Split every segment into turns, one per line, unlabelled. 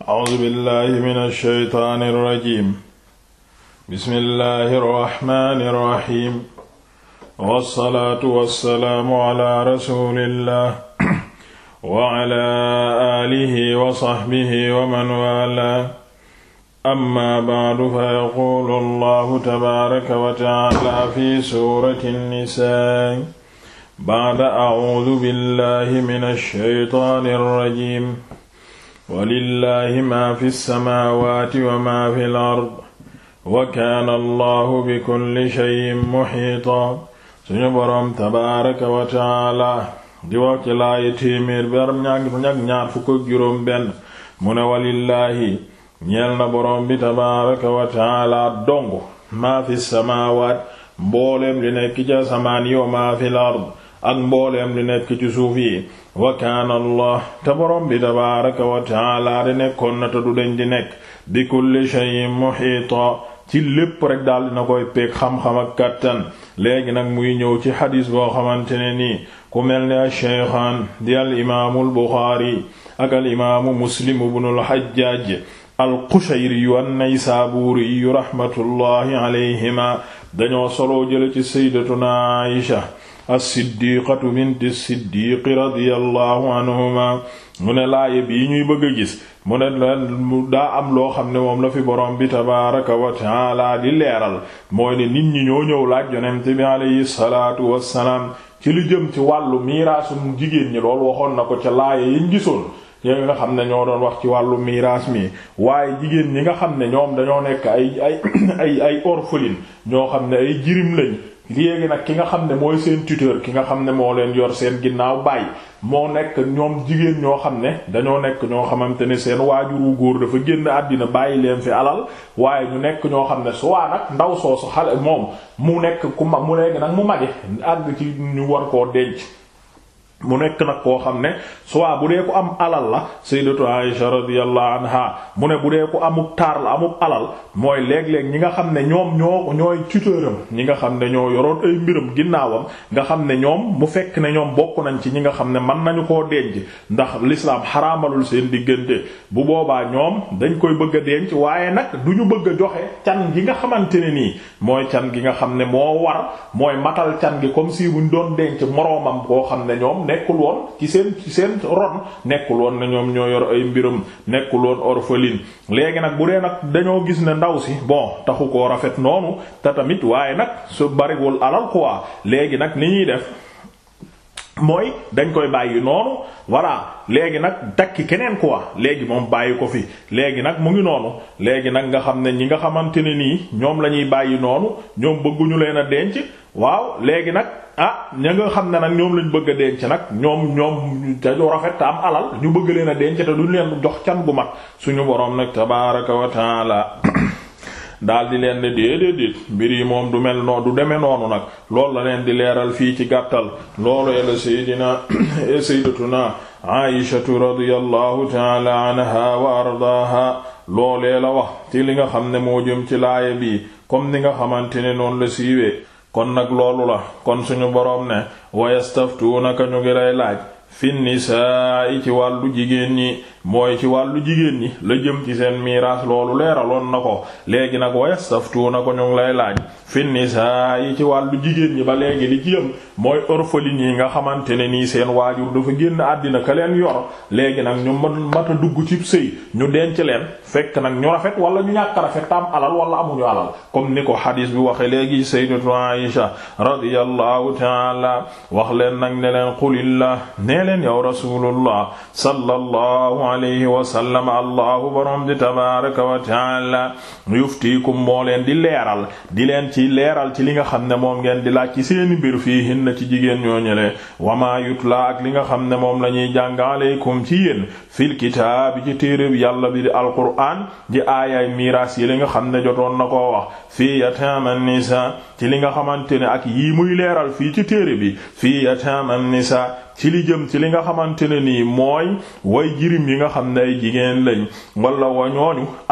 A'uuzu billaahi mina shaytaani rajiim. Bismillaahi rahmaani rahiim. Wassalaatu wassalaamu alaa rasuulillaah wa alaa aalihi wa sahbihi wa man waalaa. Ammaa ba'du fayaquulu Allaahu tabaaraka wa ta'aalaa fi suurati Nisaa. Ba'da a'uuzu billaahi mina shaytaani rajiim. walillahi ma fi samaawaati wa ma fi al-ard wa kaana allahu bi kulli shay'in muhiita suñu boroom tabaaraka wa taala di wax ci laaya téeméer bi am ñag ñaar fukk ak juróom benn mu ne walillaahi ñeel na boroom bi tabaaraka wa taala dong maa fi samaawaat mbooleem li nekk ci asamaan yi wa maa fi al-ard ak mbooleem li nekk ci suuf yi wa kaana allah te borom bi tabaaraka wa taala di nekkoon na te du deñ di nekk bi kulli shay'in muhiita ci lépp rek daal dina koy peeg xam ak kattan léegi nag muy ñëw ci xadis boo xamante ne nii ku mel ni ash-shaykhaan di al imaamu al-Buxaari ak al imaamu Muslim ibnu al-Hajjaaj al-Qushayri an-Naysaabuuri rahmatullahi alayhima dañoo soloo jële ci na Aysha as-siddiqatu binti siddiqi radiyallahu anhuma mu ne laaya bii ñuy bëgg a gis mu ne daa am loo xam ne moom la fi borom bi tabaaraka wa taala di leeral mooy ne nit ñi ñoo ñëw laaj yonent bi alayhi salaatu wassalaam ci li jëm ci wàllu miiraasum jigéen ñi loolu waxoon na ko ca laaya yiñ gisoon ya nga xam ne ñoo doon wax ci wàllu miiraas mi waaye jigéen ñi nga xam ne ñoom dañoo nekk ay ay ay ay ñoo xam ne ay jirim lañ léegi nag ki nga xam ne mooy seen tuteur ki nga xam ne moo leen yor seen ginnaaw bàyyi moo nekk ñoom jigéen ñoo xam ne dañoo nekk ñoo xamante ne seen waajuru góor dafa génn àddina bàyyi leen fi alal waaye ñu nekk ñoo xam ne su waa nag ndaw soosu xale moom mu nekk ku mag mu léegi nag mu mage àgg ci ñu war koo denc mu nekk nag koo xam ne soit bu dee ko am alal la sayyidatu Aisha radiyallahu anha mu ne bu dee ko amub taar la amub alal mooy léeg-léeg ñi nga xam ne ñoom ñoo ñooy tuteuram ñi nga xam ne ñoo yoroon ay ginnaawam nga xam ne ñoom mu fekk ne ñoom bokk nañ ci ñi nga xam ne mën nañu koo denc ndax l'islam xaramalul seen diggante bu boobaa ñoom dañ koy bëgg a denc waaye nag duñu ñu bëgg a joxe can gi nga xamante ne nii mooy can gi nga xam ne moo war mooy matal can gi comme si ñu doon denc moroomam koo xam ne ñoom nekkul woon ci seen ci seen ron nekkul woon na ñoom ñoo yor ay mbiram nekkul woon orpheline léegi nag bu dee nag dañoo gis ne ndaw si bon taxu koo rafet noonu te tamit waaye nag su bariwul alal quoi léegi nag ni ñuy def mooy dañ koy bàyyi noonu voilà léegi nag takki keneen quoi léegi moom bàyyi ko fi léegi nag mu ngi noonu léegi nag nga xam ne ñi nga xamante ne nii ñoom la ñuy bàyyi noonu ñoom bëgguñu leen a denc waaw léegi nag ah ña nga xam ne nag ñoom lañ bëgg a denc nag ñoom ñoom dañu rafet te am alal ñu bëgg leen a denc te duñ leen jox can gu mag suñu borom nag tabaaraka wa daal di leen ne déedéet déet yi moom du mel noo du demee noonu nag loolu la leen di leeral fii ci gàttal loolu yàlla saydina sayyidatuna aishatu radiyallahu taala anha wa ardaaha loolee la wax ci li nga xam ne moo jëm ci laaya bi comme ni nga xamante ne noonu la siiwee kon nag loolu la kon suñu boroom ne wa yastaftuunaka ñu ngi lay laaj fi nisaa ci wàllu jigéen ñi mooy ci wàllu jigéen ñi la jëm ci seen miiraas loolu leeraloon na ko léegi nag wayastaftuuna ko ñu ngi lay laaj fi nisaa ci wàllu jigéen ñi ba léegi li ci yëm mooy orphelines yi nga xamante ne nii seen waajur dafa génn àddina ka leen yor léegi nag ñu mat a dugg ci sëy ñu denc leen fekk nag ñu rafet wala ñu ñàkk rafet tam alal wala amuñu alal comme ni ko xadiis bi waxe léegi sayyidatu Aisha radiyallahu ta'ala wax leen nag ne leen qulillah nee leen yow rasulullah sallallahu alayhi wa sallam allahu borom di tabaraka wa moo leen di leeral di leen ci leeral ci li nga xam ne moom ngeen di laaj ci seeni mbir fii hin na ci jigéen ñooñële wama yutla ak li nga xam ne moom la ñuy jàng aleykum ci yéen fil kitaabi ci téeréb yàlla bi di alquran di aayay miraas yi li nga xam ne jotoon na koo wax fii yataama nisa ci li nga xamante ne ak yii muy leeral fii ci téere bi fii yataama nisa ci li jëm ci li nga xamante ne nii mooy way jirim yi nga xam ne ay jigéen lañ wala wa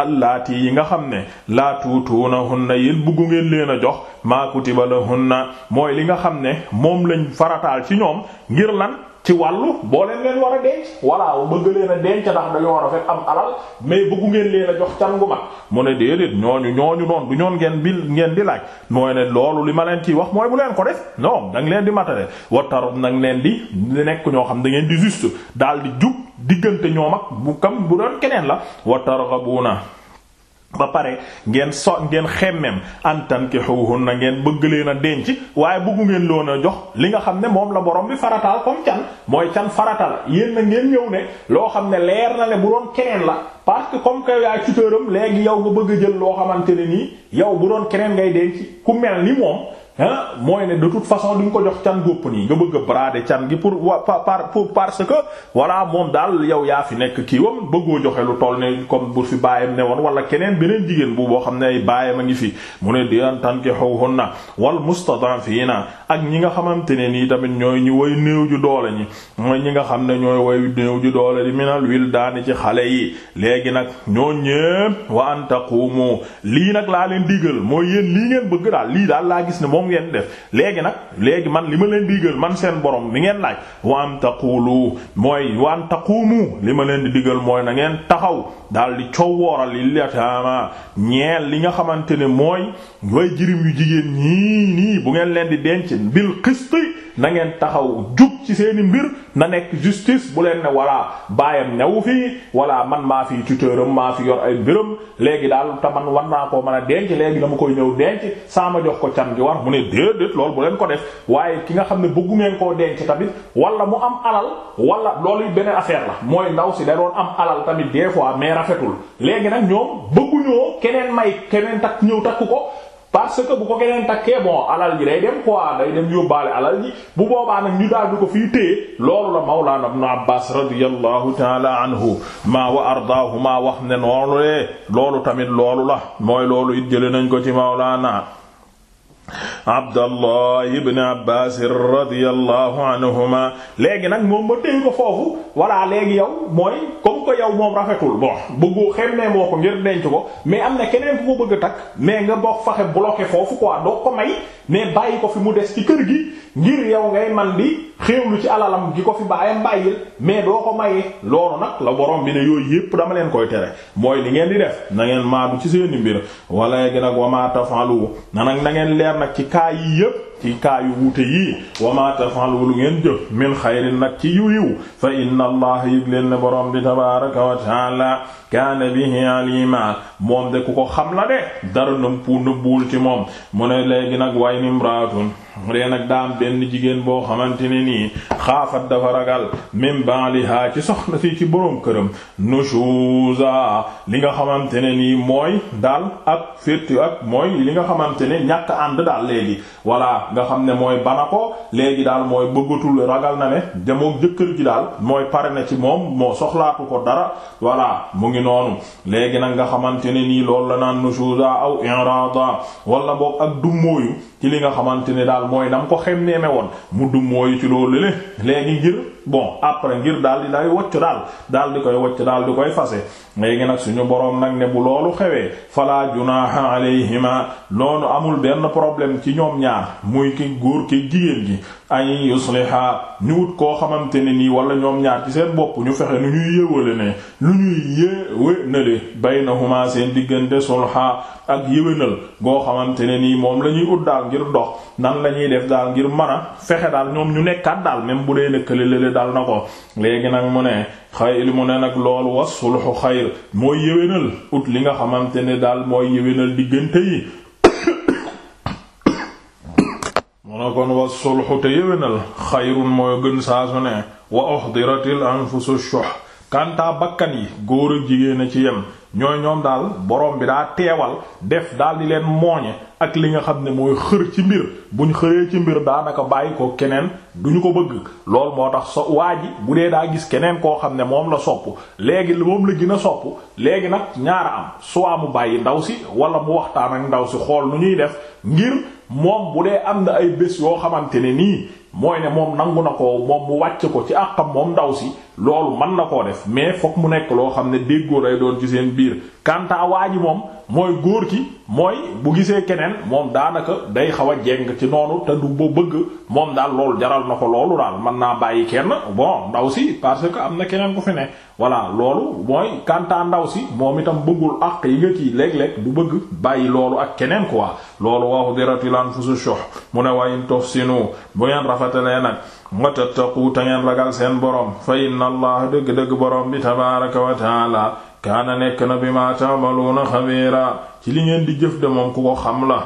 allaati yi nga xam ne laa tuutuunahunna yéen buggu ngeen leen a jox maa kutiba lahunna mooy li nga xam ne moom lañu farataal ci ñoom ngir lan ci wàllu boo leen leen war a denc walla bëgg leen a denc ndax dañoo war a fekk am alal mais bëggu ngeen leen a jox can gu mag mu ne déedéet ñooñu ñooñu noonu du ñoon ngeen bil ngeen di laaj mooy ne loolu li ma leen ci wax mooy bu leen ko def non da leen di matale watarut nag leen di nekk ñoo xam da ngeen di juste daal di jub diggante ñoo ak bu kam bu doon keneen la bu watarghabuna ba pare ngeen so ngeen xemmem antan ki xuuxun na ngeen bëgg leen a denc waaye bëggu ngeen loon a jox li nga xam ne moom la borom bi farataal comme can mooy can farata yéen na ngeen ñëw ne loo xam ne leer na ne bu doon keneen la parce que comme que yaay tuteuram léegi yow nga bëgg a jël loo xamante ne nii yow bu doon keneen ngay denc ku mel ni moom ah mooy ne de toute façon duñ ko jox can gópp nii nga bëgg a can gi pour wa par pour parce que voilà moom daal yow yaa fi nekk kii wam bëggoo joxe lu toll ne comme bu fi baayam ne woon wala keneen beneen jigéen bu boo xam ne ay baayam a ngi fi mu ne di tankihuhunna wal mustadafina ak ñi nga xamante ne nii tamit ñooy ñu woy néew ju doole ñi mooy ñi nga xam ne ñooy woy néew ju doole di minal wildaani ci xale yi léegi nag ñoo ñépp wa an taqumu lii nag laa leen digal mooy yéen lii ngeen bëgg daal lii daal laa gis ne moom ngeen def léegi nag léegi man li ma leen digal man seen borom bi ngeen laaj wa an mooy wa an li ma leen di digal mooy na ngeen taxaw daal di coow wooral lil yataama ñeel li nga xamante ne mooy way jirim yu jigéen ñii nii bu ngeen leen di denc bil qisti na ngeen taxaw jub ci seeni mbir na nekk justice bu leen ne walla baayam newu fii walla man maa fi tuteuram maa fi yor ay mbiram léegi daal te man war naa koo mën a denc léegi dama koy ñëw denc saa ma jox ko can gi war mu ne déedéet lool bu leen ko def waaye ki nga xam ne bëggu ngeen koo denc tamit walla mu am alal walla loolu beneen affaire la mooy ndaw si da am alal tamit des fois mais rafetul léegi nag ñoom bëgguñoo keneen may keneen ta ñëw takk ko parce que bu ko keneen takkee bon alal ji day dem quoi day dem yóbbaale alal ji bu boobaa nag ñu daal di ko fii téye loolu la Mawlana Ibn Abbas radiyallahu taala anhu maa wa ardaahuma wax ne noonu lee loolu tamit loolu la mooy loolu it jële nañ ko ci Mawlana Abdallah ibn Abbas radiyallahu anhuma léegi nag moom ma dégg ko foofu voilà léegi yow mooy comme que yow moom rafetul boo bëggu xem ne moo ko ngir denc ko mais am na keneen ku ko bëgg a takk mais nga bokk faxe bloqué foofu quoi doo ko may mais bàyyi ko fi mu des ci kër gi ngir yow ngay man di xéewlu ci alalam gi ko fi bàyyam bàyyil mais doo ko mayee loolu nag la borom bi ne yooyu yépp dama leen koy tere mooy li ngeen di def nangeen ngeen ci seeni mbir wala léegi nag wa ma tafalu na nag na ngeen leer nag ci cas yi yépp ci kaayu wuute yii wa ma tafalu lu ngeen jëf min xayrin nag ci yu yiw fa inna allah ne borom bi tabaraka wa taala kaana bihi alima moom de ku ko xam la de dara nëmpu nëbbuwul ci moom mu ne léegi nag way nimraatun dee nag daam benn jigéen boo xamante ne nii xaafat dafa ragal min baaliha ci soxna si ci boroom këram nushuza li nga xamante ne nii mooy daal ak fétti ak mooy li nga xamante ne ñàkk ànd daal léegi voilà nga xam ne mooy bana ko léegi daal mooy bëggatul ragal na ne de moom jëkkër ji daal mooy pare na ci moom moo soxlaatu ko dara voilà mu ngi noonu léegi nag nga xamante ne nii lool la naan nusuza aw irada wala boog ak dummóoyu ci li nga xamante ne daal mooy nam ko xem neeme woon mu dummóoyu ci loolu le léegi ngir bon après ngir daal di day wocc daal daal di koy wocc daal di koy fase léegi nag suñu boroom nag ne bu loolu xewee fala junaha alayhima loolu amul benn problème ci ñoom ñaar muy ki góor ki jigéen gi ay yusliha ñu wut koo xamante ne nii wala ñoom ñaar ci seen bopp ñu fexe nu ñuy yëwale ne lu ñuy yéwé nale baynahuma seen diggante sulha ak yéwénal goo xamante ne nii moom la ñuy ut daal ngir dox nan la ñuy def daal ngir mën a fexe daal ñoom ñu nekkaat daal même bu dee lëkkale lële daal na ko léegi nag mu ne xayr mu ne nag loolu was sulhu xayr mooy yéwénal ut li nga xamante ne daal mooy yéwénal diggante yi kon wa sulxu te yéwénal xayrun mooy gën saa su ne wa uhdiratil anfusu shuh kantaa bakkan yi góor ak jigéen a ci yem ñooy ñoom daal borom bi daa teewal def daal leen mooñe ak li nga xam ne mooy xër ci mbir buñ xëree ci mbir daanaka bàyyi ko keneen duñu ko bëgg lool moo tax so waa ji bu dee daa gis keneen koo xam ne moom la sopp léegi moom la gën a sopp léegi nag ñaara am soit mu bàyyi ndaw si walla mu waxtaan ak ndaw si xool nu ñuy def ngir moom bu dee am na ay bés yoo xamante ne nii mooy ne moom nangu na ko moom mu wàcc ko ci àqam moom ndaw si loolu mën na koo def mais fokk mu nekk loo xam ne déggoo lay doon ci seen biir kanta waa ji moom mooy góor ki mooy bu gisee keneen moom daanaka day xaw a jeng ci noonu te du ba bëgg moom daal loolu jaral na ko loolu daal mën naa bàyyi kenn bon ndaw si parce que am na keneen ku fi ne voilà loolu mooy kanta ndaw si moom itam bëggul àq yi nga kii léeg-léeg du bëgg bàyyi loolu ak keneen quoi loolu waxu diratil anfusu shuh mu ne wayin tufsinu bu ngeen rafetalee nag wa tattaqu a ngeen ragal seen borom fa inna allah dëgg-dëgg borom bi tabaraka wa kaana nekk na bi ma ta'maluna xabiira ci li ngeen di jëf de moom ku ko xam la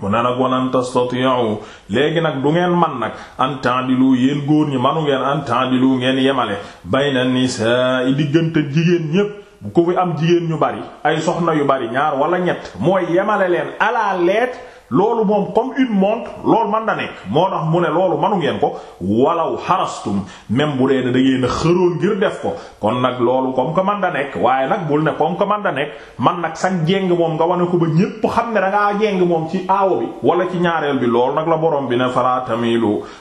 mu ne nag walan tastati'u léegi nag du ngeen man nag an ta'dilu yéen góor ñi manu ngeen an ta'dilu ngeen yemale bay bayna nisaa'i diggante jigéen ñépp ku fi am jigéen ñu bari ay soxna yu bari ñaar wala ñett mooy yemale leen ala leet loolu moom comme une montre loolu man da nekk moo tax mu ne loolu manu ngeen ko walaw xarastum même bu dee ne da ngeen a xëroon ngir def ko kon nag loolu comme que man da nekk waaye nag bul ne comme que man da nekk man nag sax jéng moom nga wane ko ba ñépp xam ne da ngaa moom ci aawo bi wala ci ñaareel bi loolu nag la borom bi ne fala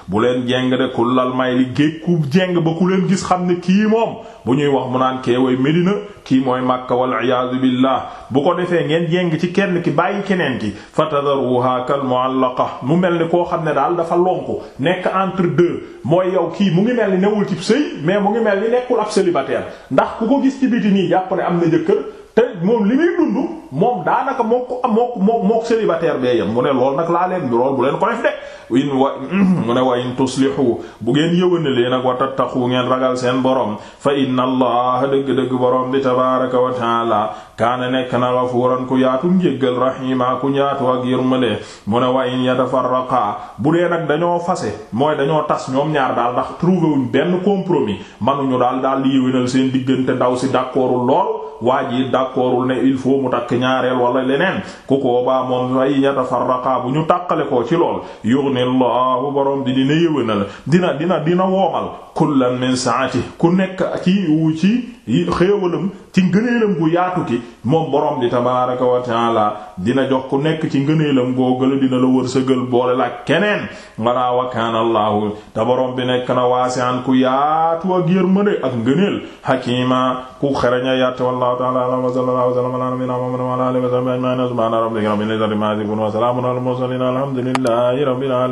bu leen jéng de kullal may li géej ku jéng ba ku leen gis xam ne kii moom bu ñuy wax mu naan keeway Medina kii mooy Makka wal iyaadu billah bu ko defee ngeen jéng ci kenn ki bàyyi keneen ki fatadaruha kal mu'allaqa mu mel ni koo xam ne daal dafa lonku nekk entre deux mooy yow kii mu ngi mel ni newul ci sëy mais mu ngi mel ni nekkul ab célibataire ndax ku ko gis ci biti nii jàpp ne am na jëkkër te moom li muy dund moom daanaka mook mook mook mook célibataire bee mu ne lool nag laa leen lool bu leen ko def de in wa mu ne wa in tuslihu bu ngeen yëwanalee nag wa tattaqu ngeen ragal seen borom fa inna allah dëgg-dëgg borom bi tabaraka wa taala kaana nekk na gafuuran ku yaatu njéggal raxiima ku ñaatu ak yërmande mu ne wa in yatafarraqa bu dee nag dañoo fase mooy dañoo tas ñoom ñaar daal ndax trouvé wuñ benn compromis manuñu daal daal di yéwénal seen diggante ndaw si d'accordul lool waa ji d'accordul ne il faut mu takk ñaareel wala leneen ku ko baa ya ay yatafarraqa bu ñu tàqale ko ci lool yughnillahu borom bi dina yéwénal dina dina dina woomal kullan min saati ku nekk ci wu ci xéewalam ci ngëneelam gu yaatu ki moom borom di tabaaraka wa taala dina jox ku nekk ci ngëneelam goo gëla dina la wërsëgal boole la keneen walaa wa kaana allahu te borom bi nekk na waasi'an ku yaatu ak yërmande ak ngëneel hakiima ku xereña yaatu wallahu taala alam wa sallallahu wa sallam ala nabiyyina muhammadin wa ala alihi wa sahbihi ajma'in subhana rabbika rabbil izzati amma yasifun wa salamun alal